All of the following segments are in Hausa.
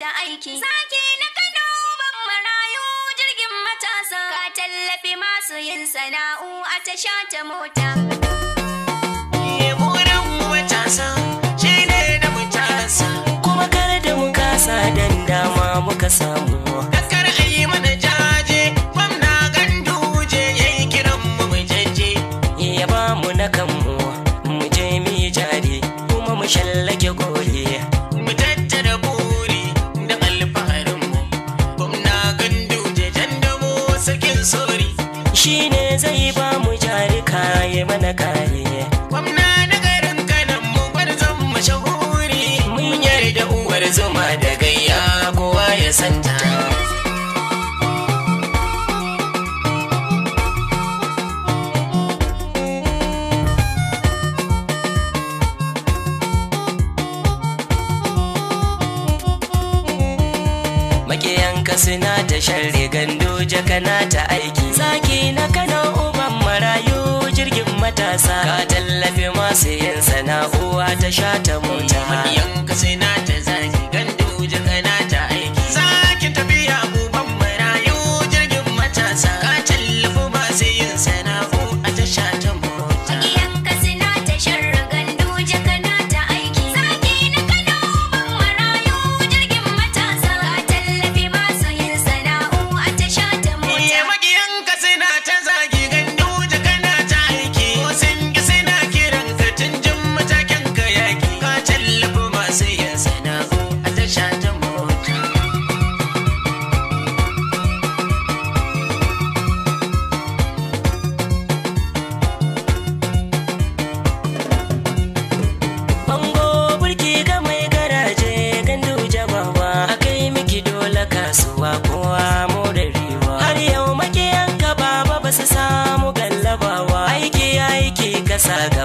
da aiki. Sake na Kano ban marayu jirgin matasa. Ka tallafi masu yin sana'u a tasha ta mota. Ye buran matasa, shi ne na mutanensa. Kuma kar da mu kasa dan dama muka samu. Kakar ayi mana jaje, gwamna ganduje ya yi kiran mu mu Ya ba mu na kanmu, mu je mu yi jari, kuma mu shallake zuma da gayya kowa ya santa makiyanka suna ta sharri gando na ta aiki zaki na kano uban marayu jirgin matasa ka tallafi masu yin sana'uwa ta sha ta mota makiyanka suna ta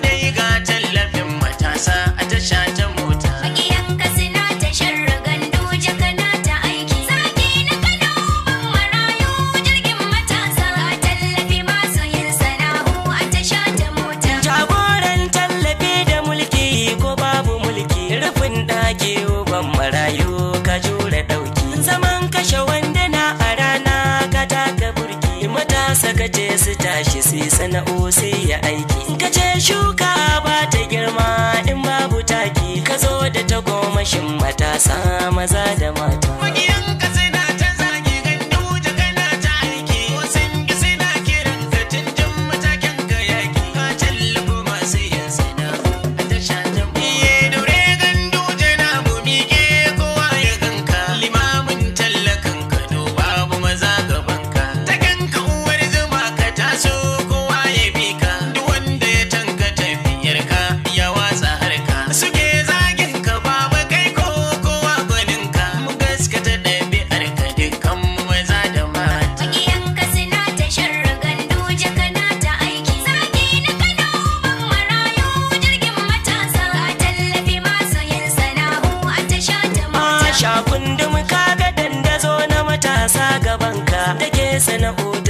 name. nasa kace su tashi su sana'o sai ya aiki kace shuka ba ta girma in babu taki ka zo da tagomashin matasa maza da mata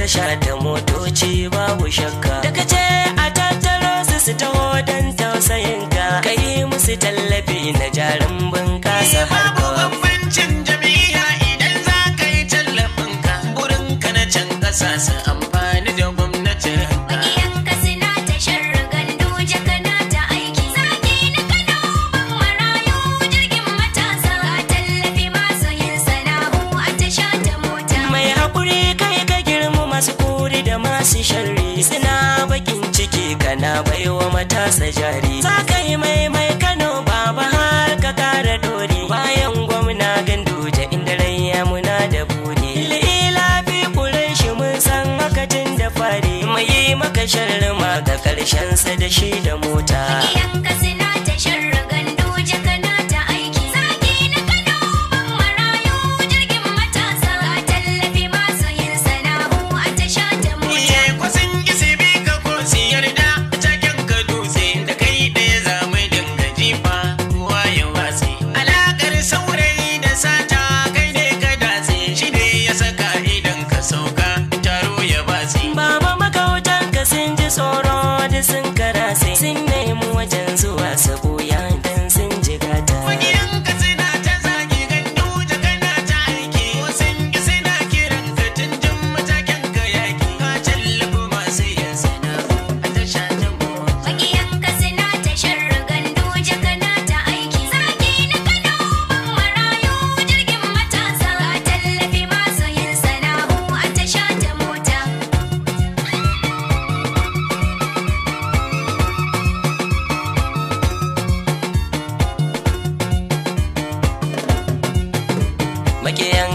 tasha motoci babu shakka daga ce a tattaro su su taho don tausayin ka kai musu tallafi na jara matasa jari za ka mai mai kano baba har ka kara dore bayan gwamna ganduje inda rayya muna da bude lila fi kuren shi mun san makacin da fari Mai yi maka sharri ma ga karshen sa da shi da mota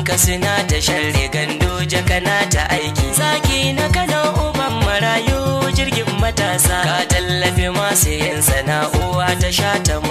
ka suna ta sharri gando jaka na ta aiki zaki na kano uban marayu jirgin matasa ka tallafi masu yin sana'o'a ta sha ta